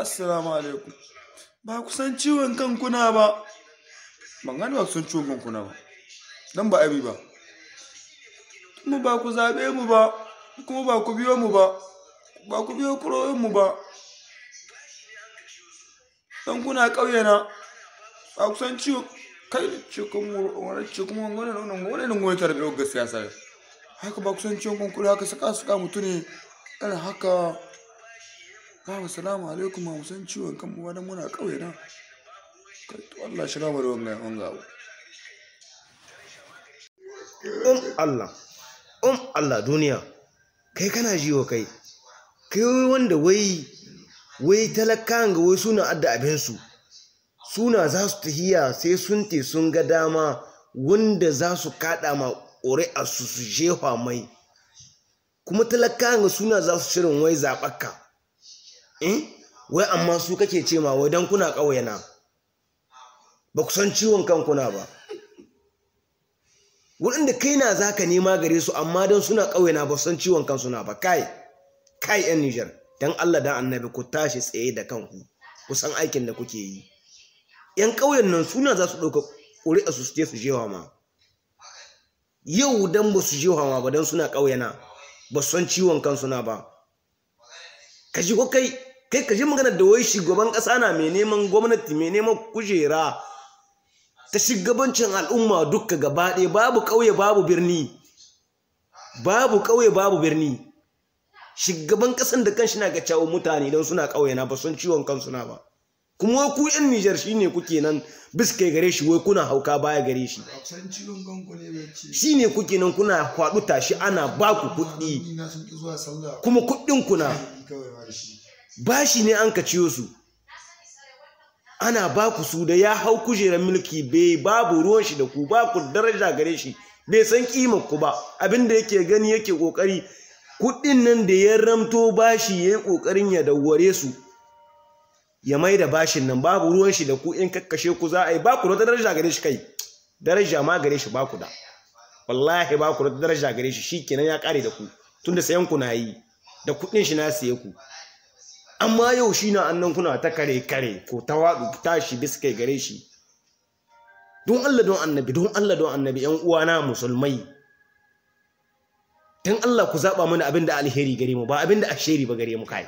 assalamu alaikum ba ku san ciwon kankuna ba ban gani ba ku san ciwon kankuna ba dan ba abi ba kuma ba ku zaɓe mu ba kuma ba ku biyo mu ba ba ku biyo kuroyin mu ba dan kuna ƙauye na ba ku san ciwo kai kuma wani kuma wani wani wani wani wani wani siyasa gaskiya haka ba ku san ciwon kankuna haka saka suka mutu ne irin haka babu salamu alaikum ba musan ciwon kan mu ba muna kauye na kai to Allah shi rama da wannan an gawo um Allah um Allah duniya kai kana jiwo kai kai wanda wai wai talakan ga wai suna adda abin su suna za su tahiya sai sun te sun ga dama wanda za su kada ma ƙuri'a su su jefa mai kuma talakan ga suna za su shirin wai zaɓaka eh wai amma su kake ce ma wai dan kuna ƙauyena ba ku san ciwon kuna ba wurin da kai na zaka nema gare su amma don suna ƙauyena ba san ciwon kansu na ba kai kai yan Nijar dan Allah dan annabi ku tashi tsaye da kanku ku san aikin da kuke yi yan ƙauyen nan suna za su ɗauka ƙuri'a su je su jewa ma yau dan ba su jewa ma ba dan suna ƙauyena ba san ciwon kansu na ba ka ji ko kai kai ka ji magana da wai shugaban kasa na mai neman gwamnati mai neman kujera ta shugabancin al'umma dukka gaba ɗaya babu ƙauye babu birni babu ƙauye babu birni shugaban ƙasan da kanshi na ga cawo mutane don suna ƙauye na ba sun ciwon kansu na ba kuma ku yan Nijar shine kuke nan biske gare shi wai kuna hauka baya gare shi shine kuke nan kuna kwaɗuta shi ana baku kuɗi kuma kuɗin kuna bashi ne an ka ciyo su ana ba ku su da ya hau kujerar mulki bai babu ruwan shi da ku ba ku daraja gare shi bai san kimar ku ba abinda yake gani yake kokari kudin nan da ya ramto bashi yi kokarin ya dawware su ya mai da bashin nan babu ruwan shi da ku in kakkashe ku za a yi ba ku wata daraja gare shi kai daraja ma gare shi ba ku da wallahi ba ku wata daraja gare shi shikenan ya kare da ku tunda sayan ku na yi da kudin shi na siye ku amma yau shi na annan kuna ta kare kare ko ta waɗu tashi biskai gare shi don Allah don annabi don Allah don annabi ‘yan uwana musulmai don Allah ku zaɓa mana abin da alheri gare mu ba abin da asheri ba gare mu kai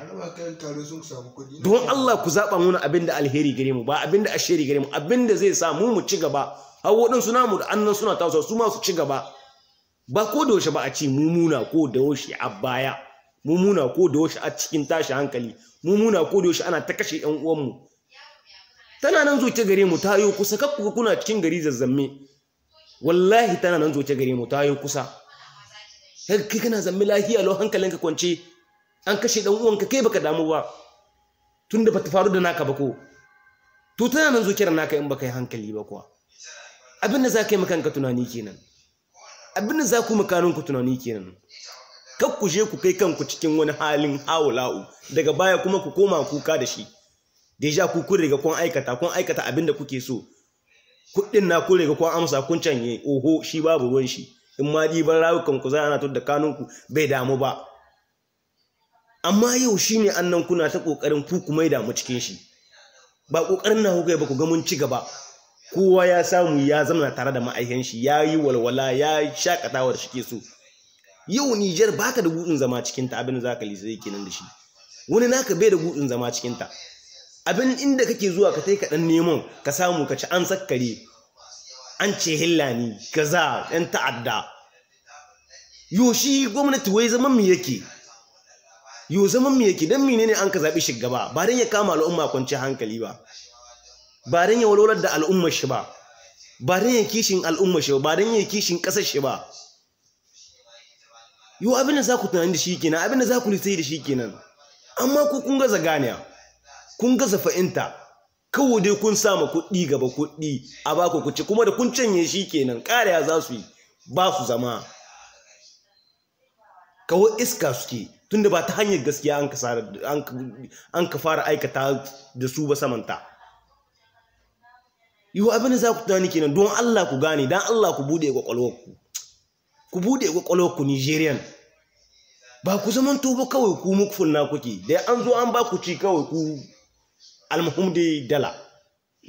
don Allah ku zaɓa mana abin da alheri gare mu ba abin da asheri gare mu abin da zai samu mu ci gaba har suna mu da annan suna tausa su ma su ci gaba ba ko da ba a ce mumuna ko da yaushe a baya mu muna ko da yaushe a cikin tashi hankali mu muna ko da yaushe ana ta kashe ƴan uwanmu tana nan zo gare mu ta yi kusa kuka kuna cikin gari zazzamme wallahi tana nan zo gare mu ta yi kusa kai kana zamme lafiya lo hankalinka kwance an kashe dan uwanka kai baka damu ba tunda bata faru da naka ba ko to tana nan zuciyar naka in baka yi hankali ba kuwa abin da za ka yi makanka tunani kenan abin da za ku makaninku tunani kenan kar ku je ku kai kanku cikin wani halin hawla'u daga baya kuma ku koma kuka da shi deja ku kun riga kun aikata kun aikata abin da kuke so kuɗin na kun riga kun amsa kun canye oho shi babu ruwan shi in ma ban rawukan ku zai ana tur da kanunku bai damu ba amma yau shi ne annan kuna ta ƙoƙarin ku kuma damu cikin shi ba ƙoƙarin na hukai ba ku ga mun ci gaba kowa ya samu ya zama tare da ma'aikin shi ya yi walwala ya shakatawar shi ke so yau Nijar baka da gudun zama cikin ta abin zaka lisai kenan da shi wani naka bai da gudun zama cikin ta abin inda kake zuwa ka ta ka dan neman ka samu ka ci an sakkare an ce hillani kaza yan ta'adda yo gwamnati wai zaman mu yake yo zaman mu yake dan menene an ka zabi shugaba ba dan ya kama al'umma kwanci hankali ba ba dan ya walwalar da al'umma shi ba ba dan ya kishin al'umma shi ba ba dan ya kishin kasar shi ba yiwu abin da za ku tunani da shi kenan abin da za ku nisai da shi kenan amma ku kun gaza ganiya kun gaza fa'inta kawo dai kun sama kuɗi gaba kuɗi a baku ku ci kuma da kun canye shi kenan ƙariya za su yi ba su zama kawai iska suke tunda ba ta hanyar gaskiya an ka fara aikata da su ba samanta yiwu abin da za ku tunani kenan don Allah ku gane don Allah ku buɗe kwakwalwarku ku buɗe kwakwalwa ku Nigerian ba ku zaman tuba kawai ku mukful na kuke da an zo an ba ku ci kawai ku almuhimdi dala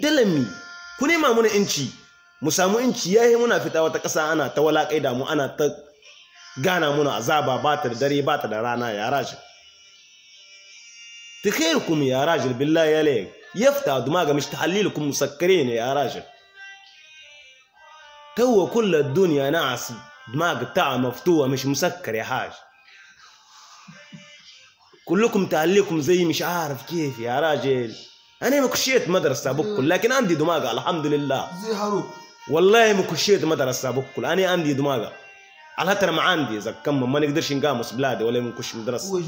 dala mi ku nema muna inci mu samu inci yayi muna fita wata ƙasa ana ta walaƙai da mu ana ta gana muna azaba ba ta da dare ba ta da rana ya rashi ya يا راجل duma ga يفتح دماغه مش musakkare ne ya راجل تو duniya na نعس دماغ بتاعه مفتوح مش مسكر يا حاج كلكم تعليكم زي مش عارف كيف يا راجل انا ما كشيت مدرسه بكل لكن عندي دماغ الحمد لله زي هاروك والله ما كشيت مدرسه بكل انا عندي دماغ على حتى ما عندي اذا كم ما نقدرش نقامس بلادي ولا نكش مدرسه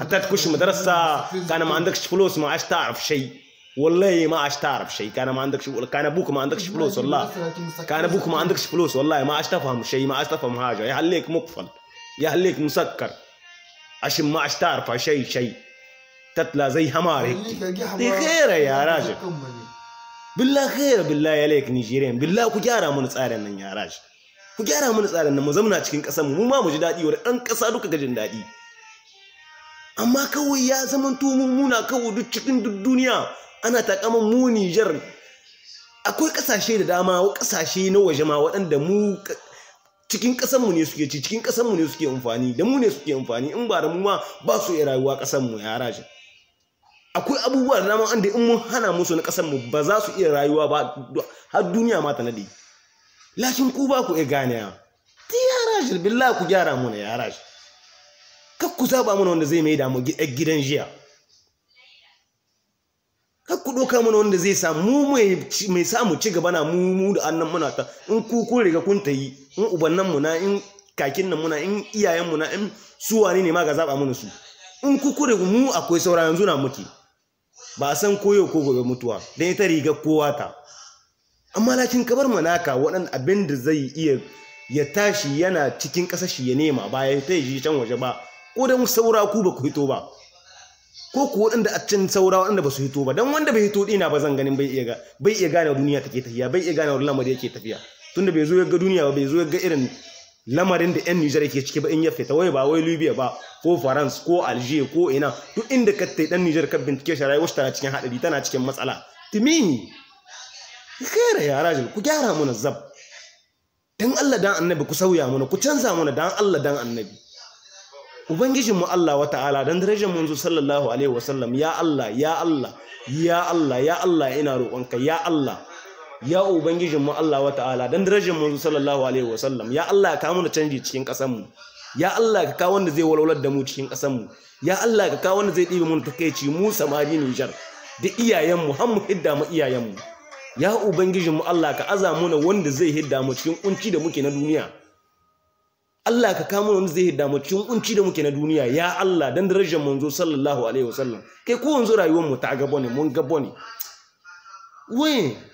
حتى تكش مدرسه كان ما عندكش فلوس ما عادش تعرف شيء والله ما عاش تعرف شيء كان ما عندكش كان ابوك ما عندكش فلوس والله كان ابوك ما عندكش فلوس والله ما عاش تفهم شيء ما عاش تفهم حاجه يا هليك مقفل يا هليك مسكر عشان ما عاش تعرف شيء شيء تتلى زي حمار دي خيره يا راجل بالله خير بالله عليك نيجيريان بالله كجارة من tsarin يا راجل كجارة من mana tsarin nan mu zamana cikin ƙasar mu ma mu ji daɗi wa ɗan ƙasa duka ga jin daɗi amma kawai ya zama mu cikin ana takaman mu Nijar akwai kasashe da dama kasashe na waje ma waɗanda mu cikin ƙasanmu ne suke ci cikin ƙasanmu ne suke amfani da mu ne suke amfani in ba da mu ma ba su iya rayuwa ƙasanmu ya harajin akwai abubuwa da dama wanda in mun hana musu na mu ba za su iya rayuwa ba har duniya ma ta nade lakin ku ba ku iya gane ya ti harajin billah ku gyara mu ne ya harajin kak ku saba mana wanda zai mai da mu gidan jiya hakku doka ɗauka mana wanda zai samu mai samu ci gaba na mu da annan muna ta in ku kun riga kun ta yi in ubannan mu na in kakin nan muna in iyayen mu na in su wani ne ma ga zaba mana su in ku riga mu akwai saura yanzu na muke ba a san koyo ko gobe mutuwa dan ita riga kowa ta amma lakin kabar manaka waɗan abin da zai iya ya tashi yana cikin ƙasashi ya nema ba ya ta yi can waje ba ko dan saura ku ba ku fito ba ko kuwa waɗanda a can saura waɗanda ba su hito ba don wanda bai hito ɗina ba zan ganin bai iya gane duniya take tafiya bai iya gane wani lamari yake tafiya tunda bai zo ya ga duniya ba bai zo ya ga irin lamarin da 'yan Nijar ke ciki ba in ya fita wai ba wai Libya ba ko France ko Algeria ko ina duk inda ka tai dan Nijar ka bincike shi rayuwar tana cikin haɗari tana cikin matsala timi khaira ya rajul ku gyara mana zab dan Allah dan annabi ku sauya mana ku canza mana dan Allah dan annabi ubangijinmu Allah wa ta'ala don darajar manzo sallallahu alaihi wasallam ya Allah ya Allah ya Allah ya Allah ina roƙonka ya Allah ya ubangijinmu Allah wa ta'ala don darajar manzo sallallahu alaihi wasallam ya Allah ka muna canji cikin ƙasanmu, ya Allah ka kawo wanda zai walwalar da mu cikin ƙasanmu, ya Allah ka kawo wanda zai ɗibe mu ci mu samari Nijar da iyayenmu mu har mu hidda mu iyayenmu. mu ya ubangijinmu Allah ka aza mu wanda zai hidda mu cikin kunci da muke na duniya Allah ka kama wani zai damu cikin kunci da muke na duniya ya Allah dan darajar manzo sallallahu alaihi wasallam kai ko wanzu rayuwar mu ta ga ne mun gabo ne wai